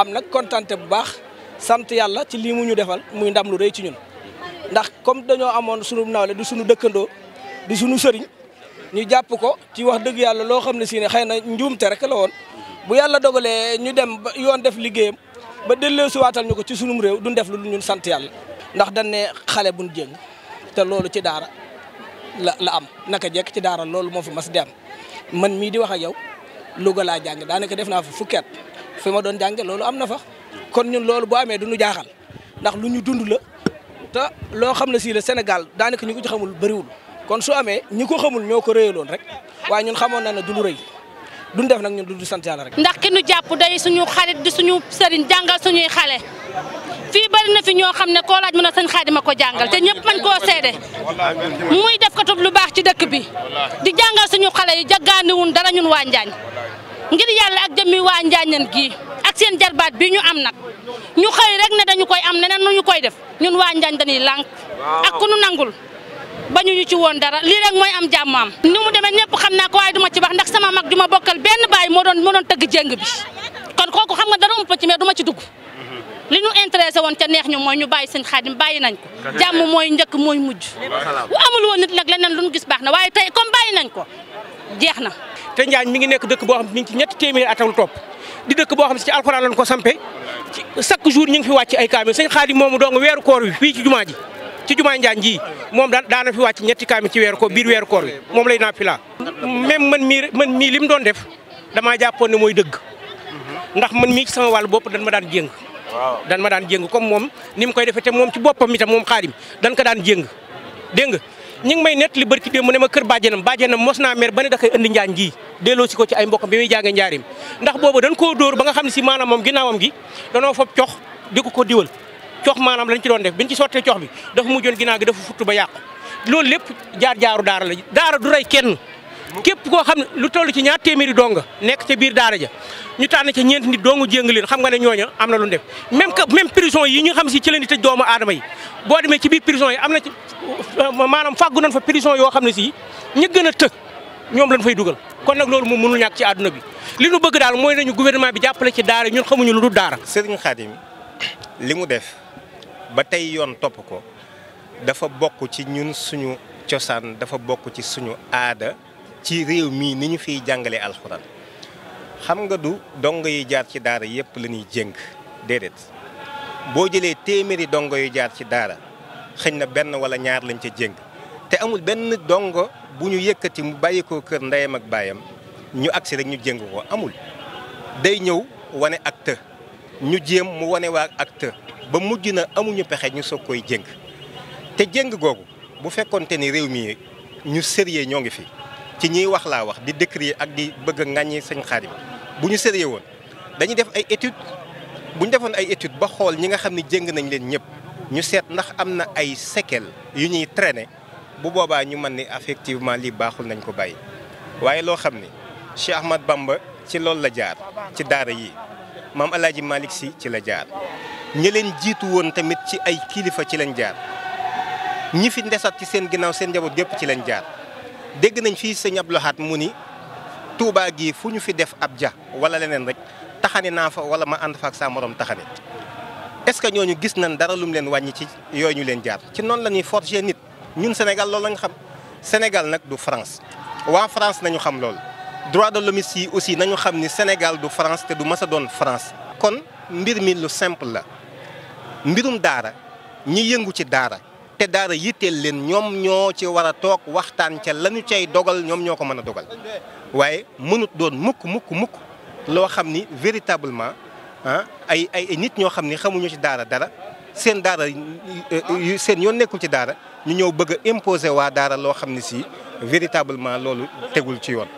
am nag kontante bu baax sant yàlla ci lii mu ñu defal muy ndam lu rëy ci ñun ndax comme dañoo amoon sunu nawle di sunu dëkkandoo di sunu sëriñ ñu jàpp ko ci wax dëgg yàlla loo xam ne si ne xëy na njuumte rek la woon bu yàlla dogalee ñu dem ba yoon def liggéeyam ba delloo si waatal ñu ko ci sunum réew duñ def lu ñun sant yàlla ndax dañ ne xale buñ jéng te loolu ci daara la la am naka jekk ci daara loolu moo fi mas di am man mii di wax ak yow Louga laa jàng daanaka def naa fa fukki fi ma doon jànge loolu am na fa kon ñun loolu boo amee du ñu jaaxal ndax lu ñu dund la te loo xam ne sii la Sénégal daanaka ñu ko ci xamul bariwul kon su amee ñu ko xamul ñoo ko réyaloon rek waa ñun xamoon na ne du lu rëy duñ def nag ñun dundu sant yàlla rek. ndax ki nu jàpp day suñu xarit di suñu sëriñ su ñuy xale fi bari na fi ñoo xam ne koo laaj mën a sëñ Xaadima ko jàngal te ñëpp man ko seede muy def ko tub lu baax ci dëkk bi di jàngal suñu xale yi jaggaaniwun dara ñun waa Njaañ ngir yàlla ak jëmmi waa Njaañan gii ak seen jarbaat bii ñu am nag ñu xëy rek ne dañu koy am neneen nu ñu koy def ñun waa Njaañ dañuy lànk ak nu nangul ba ñu ci woon dara lii rek mooy am jàmm am ni mu demee ñëpp xam naa ko waaye duma ci wax ndax sama mag ju ma bokkal benn baay moo doon moo doon tëgg jéng bi kon kooku xam nga dara umpa ci mais duma ci dugg mhm. li ñu intéressé woon ca neex ñu mooy ñu bàyyi sëñ xaadim bàyyi nañ ko jàmm mooy njëkk mooy mujj bu amul nit nag leneen lu ñu gis baax na waaye tey comme bàyyi nañ ko jeex na te Njaañ mi ngi nekk dëkk boo xam mi ngi ci ñetti téeméeri at lu topp di dëkk boo xam si ci alxuraan lañ ko sampe ci chaque jour ñu ngi fi wàcc ay kaamil sëñ Xaadim moomu dong weeru koor wi fii ci jumaa ji ci jumaa Njaañ ji moom daan daana fi wàcc ñetti kaamil ci weeru koor biir weeru koor wi moom lay naafila même man mii man mii li mu doon def damaa jàppoon ne mooy dëgg ndax man mii ci sama wàllu bopp dañ ma daan jéng dan ma daan jëng comme moom ni mu koy defee te moom ci boppam itam moom Xaadim dañ ko daan jéng dégg nga ñu ngi may nett li bërki démb ne ma kër bàjjenam bàjjenam mos naa mer ba ne da koy ji delloo si ko ci ay mbokkam bi muy jàngee njaarim ndax boobu dañ koo dóor ba nga xam ne si maanaam moom ginnaawam gi danoo fop cox di ko diwal cox maanaam lañ ci doon def biñ ci sottee cox bi dafa mujjoon ginnaaw gi dafa futt ba yàqu loolu lépp jaar-jaaru daara la daara du rey kenn képp koo xam ne lu toll ci ñaar téeméeri donga nekk ca biir daara ja ñu tànn ca ñeenti nit dongu jéng leen xam nga ne ñooña am na lu def même que même prison yi ñu xam si ci leen doomu aadama yi boo demee ci biir prison yi am na ci maanaam fàggu nañ fa prison yoo xam ne si ñu gën a të ñoom lañ fay dugal kon nag loolu moom mënul ñàkk ci àdduna bi li ñu bëgg daal mooy nañu gouvernement bi jàppale ci daara ñun xamuñu lu dul daara. Serigne Khadim li mu def ba tey yoon topp ko dafa bokk ci ñun suñu cosaan dafa bokk ci suñu aada ci réew mii ni ñu fiy jàngalee alxuraan xam nga du dongo yi jaar ci daara yëpp la ñuy jéng déedéet boo jëlee téeméeri dongo yu jaar ci daara xëñ na benn wala ñaar lañ ca jéng te amul benn dongo. buñu yëkëti mu bayiko kër ndayam ak bayam ñu aksi rek ñu jëng ko amul day ñëw wone acte ñu jëm mu wone wa acte ba mujj amuñu pexé ñu sokoy koy té jëng gogou bu fekkonté ni réew mi ñu sérieux ñongi fi ci ñi wax la wax di décrier ak di bëgg ngañi ŋàññi sëñ Xaadim bu ñu sérieux woon dañuy def ay étude bu defon ay étude ba xol ñi nga xamni jëng nañ leen ñëpp ñu sét ndax am na ay sékel yu ñuy traîner bu boba ñu man ni effectivement li baxul nañ ko bàyyi waye lo xamni Cheikh Ahmad Bamba ci lool la jaar ci daara yi mam El malik si ci la jaar ñi leen jiitu woon tamit ci ay kilifa ci lañ jaar ñi fi ndessat ci seen ginaaw seen jabo gep ci lañ jaar dégg nañ fi seigne Abdou Lahad Touba gi fuñu fi def abja wala leneen rek taxani na fa wala ma and fa ak sa morom taxani est ce que ñoñu gis nañ dara lum leen wañ ci leen jaar ci non lañuy forger nit. ñun Sénégal lool lañ xam Sénégal nag du France waa France nañu xam lool droit de l'homme yi aussi nañu xam ni Sénégal du France te du mës a doon France. kon mbir mi lu simple la mbirum daara ñi yëngu ci daara te daara yitteel leen ñoom ñoo ci war a toog waxtaan ca lañu cay dogal ñoom ñoo ko mën a dogal waaye mënut doon mukk mukk mukk loo xam ni véritablement ah ay ay nit ñoo xam ni xamuñu ci daara dara seen daara euh, euh, seen yoon nekkul ci daara. ñu ñëw bëgg a imposer waa daara loo xam ne si véritablement loolu tegul ci yoon.